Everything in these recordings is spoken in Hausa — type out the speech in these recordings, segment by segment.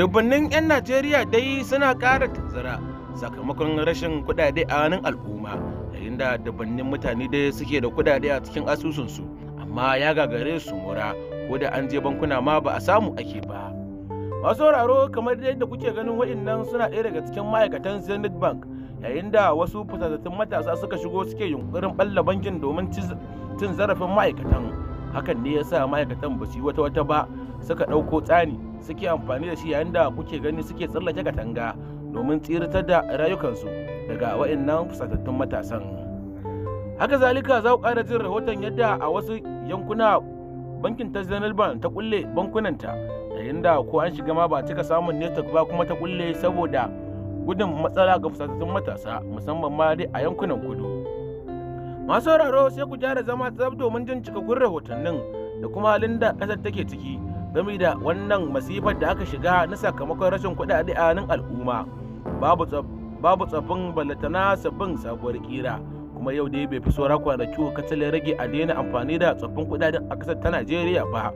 dubbannin 'yan najeriya dai suna kara tanzara sakamakon rashin kudade a wani al'umma yayin da dubbannin mutane dai suke da kudade a cikin asusunsu amma ya gagare su mura ko da an je bankuna ma ba a samu ake ba masu sauraro kamar yadda kuke ganin waɗannan suna ɗaya daga cikin ma'aikatan zenith bank yayin da wasu fitattun matasa suka shigo suke yunkurin balla bankin domin cin zarafin ma'aikatan hakan ne ya sa ma'aikatan ba su yi wata wata ba suka ɗauko tsani suke amfani da shi yayin da kuke gani suke tsallake katanga domin tsiratar da rayukansu daga waɗannan fusatattun matasan haka zalika za ku ƙara jin rahoton yadda a wasu yankuna bankin ta zanar ban ta kulle bankunanta yayin da ko an shiga ma ba cika samun network ba kuma ta kulle saboda gudun matsala ga fusatattun matasa musamman ma dai a yankunan kudu masu sauraro sai ku gyara zama tsab domin jin cikakkun rahotannin da kuma halin da ƙasar take ciki game da wannan masifar da aka shiga na sakamakon rashin kuɗaɗe a nan al'umma babu tsafin ballatana sabbin sabuwar kira kuma yau dai bai fi da kwanaki katale rage a daina amfani da tsoffin kuɗaɗen a ƙasar ta najeriya ba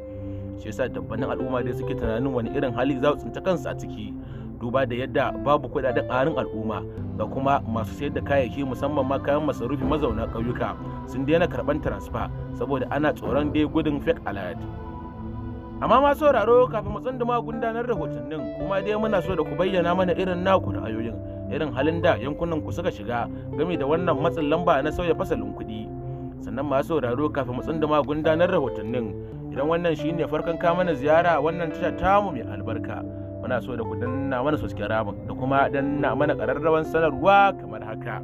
shi yasa dabbanin al'umma dai suke tunanin wani irin hali za su tsinta kansu a ciki duba da yadda babu kuɗaɗen arin al'umma ga kuma masu sayar da kayayyaki musamman ma kayan masarufi mazauna ƙauyuka sun daina karɓar transfer saboda ana tsoron dai gudun fake alert amma ma sauraro kafin mu ma gundanar rahotannin kuma dai muna so da ku bayyana mana irin naku ra'ayoyin irin halin da yankunan ku suka shiga game da wannan matsin lamba na sauya fasalin kuɗi sannan masu sauraro kafin mu ma gundanar rahotannin idan wannan shi ne farkon ka mana ziyara wannan tasha tamu mai albarka muna so da ku danna mana subscribe da kuma danna mana ƙararrawan sanarwa kamar haka.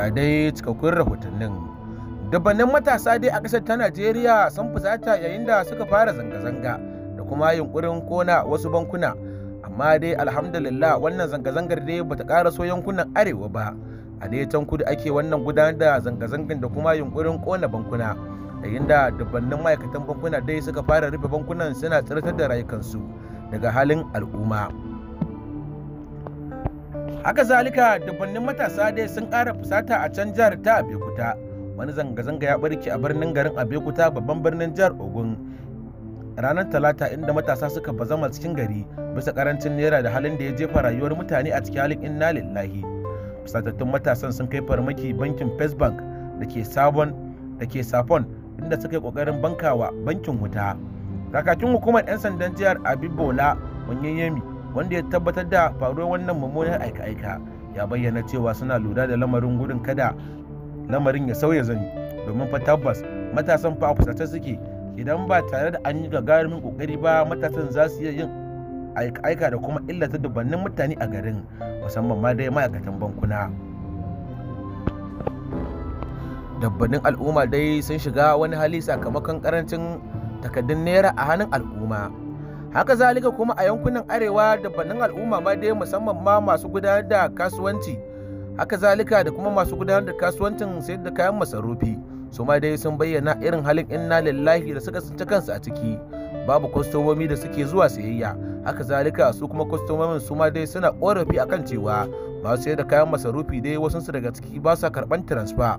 ga dai cikakkun rahotannin dabbanin matasa dai a ƙasar ta najeriya sun fusata yayin da suka fara zanga-zanga da kuma yunkurin kona wasu bankuna amma dai alhamdulillah wannan zanga-zangar dai bata ƙara so yankunan arewa ba a dai can kudu ake wannan gudanar da zanga-zangar da kuma yunkurin kona bankuna yayin da dabbannin ma'aikatan bankuna dai suka fara rufe bankunan suna tsirtar da rayukansu daga halin al'umma. haka zalika dabannin matasa dai sun kara fusata a can jihar ta abekuta wani zanga-zanga ya barke a birnin garin abekuta babban birnin jihar ogun ranar talata inda matasa suka bazama cikin gari bisa karancin naira da halin da ya jefa rayuwar mutane a cikin halin inna lillahi fusatattun matasan sun kai farmaki bankin first bank da ke sabon da ke safon inda suka yi kokarin bankawa bankin wuta kakakin hukumar 'yan sandan jihar abibola yami wanda ya tabbatar da faruwar wannan mummunan aika-aika ya bayyana cewa suna lura da lamarin gudun kada lamarin ya sauya zani domin fa tabbas matasan fa a suke idan ba tare da an yi gagarumin kokari ba matasan za su iya yin aika da kuma illata dubannin mutane a garin musamman ma dai ma'aikatan bankuna dabbanin al'umma dai sun shiga wani hali sakamakon karancin takaddun naira a hannun al'umma haka zalika kuma a yankunan arewa da al'umma ma dai musamman ma masu gudanar da kasuwanci haka zalika da kuma masu gudanar da kasuwancin sayar da kayan masarufi su ma dai sun bayyana irin halin inna lillahi da suka tsinci kansu a ciki babu kwastomomi da suke zuwa sayayya haka zalika su kuma kwastomomin su ma dai suna korafi akan cewa ba sayar da kayan masarufi dai wasu su daga ciki ba sa karban transfer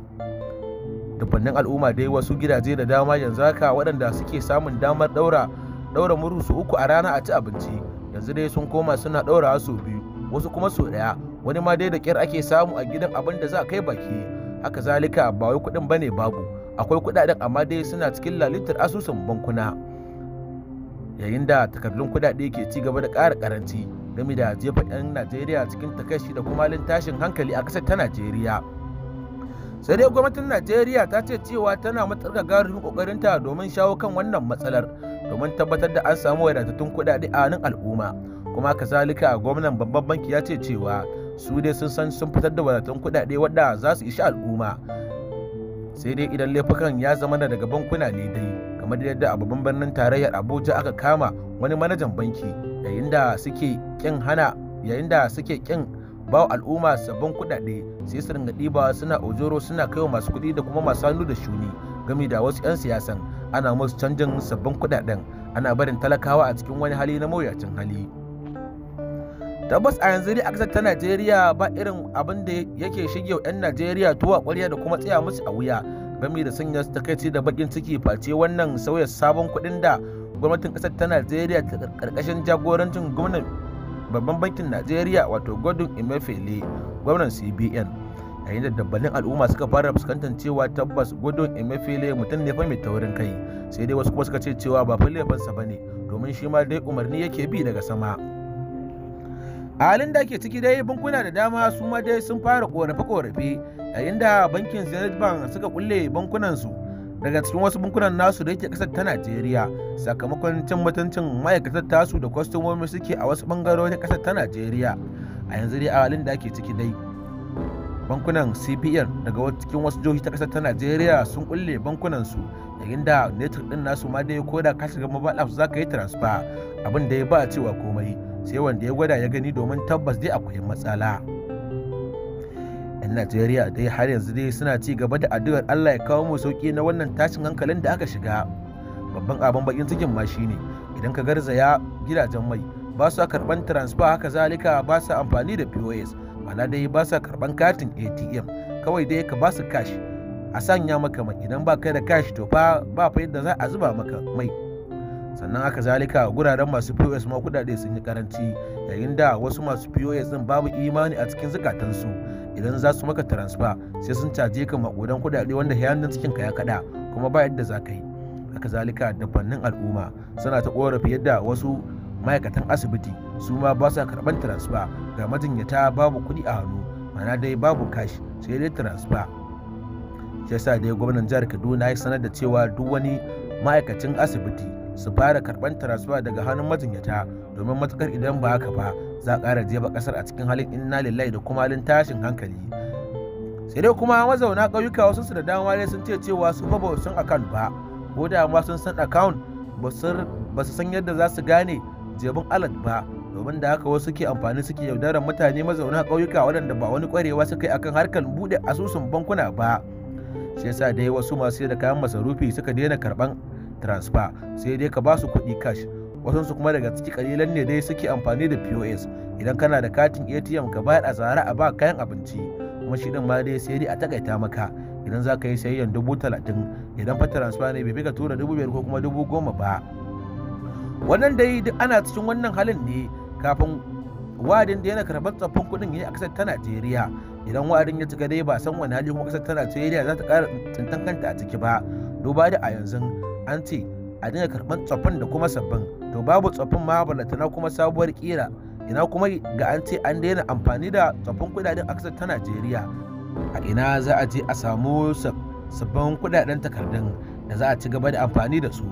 dubannin al'umma dai wasu gidaje da dama yanzu haka waɗanda suke samun damar ɗaura ɗaura murhu su uku a rana a ci abinci yanzu dai sun koma suna ɗaurawa sau biyu wasu kuma sau ɗaya wani ma dai da ƙyar ake samu a gidan abin da za a kai baki haka zalika ba wai kuɗin bane babu akwai kuɗaɗen amma dai suna cikin lalitar asusun bankuna yayin da takardun kuɗaɗe ke ci gaba da ƙara ƙaranci game da jefa 'yan najeriya cikin takashi da kuma tashin hankali a ƙasar ta najeriya sai dai gwamnatin najeriya ta ce cewa tana matsar gagarumin kokarinta domin shawo kan wannan matsalar domin tabbatar da an samu wadatattun kuɗaɗe a nan al'umma kuma kazalika gwamnan babban banki ya ce cewa su dai sun san sun fitar da wadatattun kuɗaɗe wadda za su ishi al'umma sai dai idan laifukan ya zama daga bankuna ne dai kamar yadda a babban birnin tarayyar abuja aka kama wani manajan banki yayin da suke kin hana yayin da suke kin ba wa al'umma sabbin kuɗaɗe sai su ringa ɗiba suna ojoro suna kaiwa masu kuɗi da kuma masu hannu da shuni game da wasu 'yan siyasan ana musu canjin sabbin kuɗaɗen ana barin talakawa a cikin wani hali na mawuyacin hali tabbas a yanzu dai a ƙasar ta najeriya ba irin abin da yake shige 'yan najeriya tuwa ƙwarya da kuma tsaya musu a wuya gami da sanya su takaici da bakin ciki face wannan sauya sabon kuɗin da gwamnatin ƙasar ta najeriya ta ƙarƙashin jagorancin gwamnan babban bankin najeriya wato godwin emefele gwamnan cbn yayin da dabbanin al'umma suka fara fuskantar cewa tabbas godwin emefele mutum ne fa mai taurin kai sai dai wasu kuma suka ce cewa ba fa ba ne domin shi ma dai umarni yake bi daga sama a halin da ke ciki dai bankuna da dama su ma dai sun fara korafe-korafe yayin da bankin zenith bank suka kulle bankunansu daga cikin wasu bankunan nasu da yake kasar ta Najeriya sakamakon cin mutuncin ma'aikatar tasu da kwastomomi suke a wasu bangarorin kasar ta Najeriya a yanzu dai a halin da ake ciki dai bankunan cbn daga cikin wasu jihohi ta kasar ta najeriya sun kulle bankunan su yayin da network din nasu ma dai ko da ka shiga mobile app za yi transfer abin da ya ba cewa komai sai wanda ya gwada ya gani domin tabbas dai akwai matsala. 'yan najeriya dai har yanzu dai suna ci gaba da addu'ar allah ya kawo mu sauki na wannan tashin hankalin da aka shiga babban abin bakin cikin ma shine idan ka garzaya gidajen mai ba su karban transfer haka zalika ba su amfani da pos mana dai ba su karban katin atm kawai dai ka ba su cash a sanya maka mai idan ba kai da cash to ba ba fa yadda za a zuba maka mai sannan aka zalika guraren masu pos ma kudade sun yi karanci yayin da wasu masu pos din babu imani a cikin zukatansu idan za su maka transfer sai sun caje ka makudan kudade wanda hannun cikin ka ya kada kuma ba yadda za ka yi haka zalika da fannin al'umma suna ta korafi yadda wasu ma'aikatan asibiti su ma ba sa karban transfer ga majinyata babu kudi a hannu mana dai babu cash sai dai transfer shi yasa dai gwamnan jihar kaduna ya sanar da cewa duk wani ma'aikacin asibiti su fara karɓar tarasuwa daga hannun majinyata domin matukar idan ba haka ba za a ƙara jefa ƙasar a cikin halin inna lillahi da kuma halin tashin hankali sai dai kuma mazauna ƙauyuka wasu su da dama dai sun ce cewa su ba bau san account ba ko da ma sun san account ba su san yadda za su gane jebin alat ba domin da haka wasu ke amfani suke yaudarar mutane mazauna ƙauyuka waɗanda ba wani ƙwarewa suka yi akan harkar buɗe asusun bankuna ba shi yasa dai wasu masu da kayan masarufi suka daina karɓan transfer sai dai ka ba su kuɗi cash wasansu kuma daga ciki ƙalilan ne dai suke amfani da pos idan kana da katin atm ka bayar a tsara a ba kayan abinci kuma shi din ma dai sai dai a takaita maka idan za ka yi sayayyan dubu talatin idan fa transfer ne bai ka tura dubu biyar ko kuma dubu goma ba wannan dai duk ana cikin wannan halin ne kafin wadin da yana karɓar tsaffin kuɗin ya a ƙasar ta najeriya idan wadin ya cika dai ba san wani hali kuma ƙasar ta najeriya za ta ƙara tsintan kanta a ciki ba duba da a yanzu an ce a dinga karɓar tsoffin da kuma sabbin to babu tsoffin ma na kuma sabuwar kira ina kuma ga an ce an daina amfani da tsoffin kudaden aksar ta najeriya a ina za a je a samu sabbin kudaden takardun da za a ci gaba da amfani da su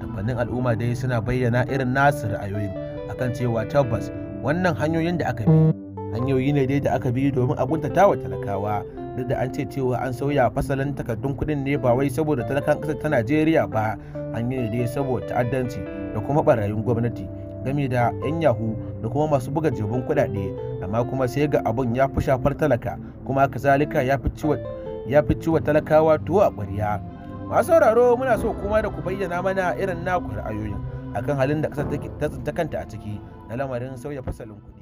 dabbanin al'umma dai suna bayyana irin nasu ra'ayoyin akan cewa tabbas wannan hanyoyin da aka bi hanyoyi ne dai da aka bi domin a kuntata wa talakawa duk da an ce cewa an sauya fasalin takardun kudin ne ba wai saboda talakan kasar ta najeriya ba an yi ne dai saboda ta'addanci da kuma barayin gwamnati game da 'yan yahu da kuma masu buga jibin kudade amma kuma sai ga abun ya fi shafar talaka kuma kazalika ya fi ciwa talakawa tuwo a ƙwarya masu sauraro muna so kuma da ku bayyana mana irin naku ra'ayoyin akan halin da ƙasar ta kanta a ciki na lamarin sauya fasalin kuɗi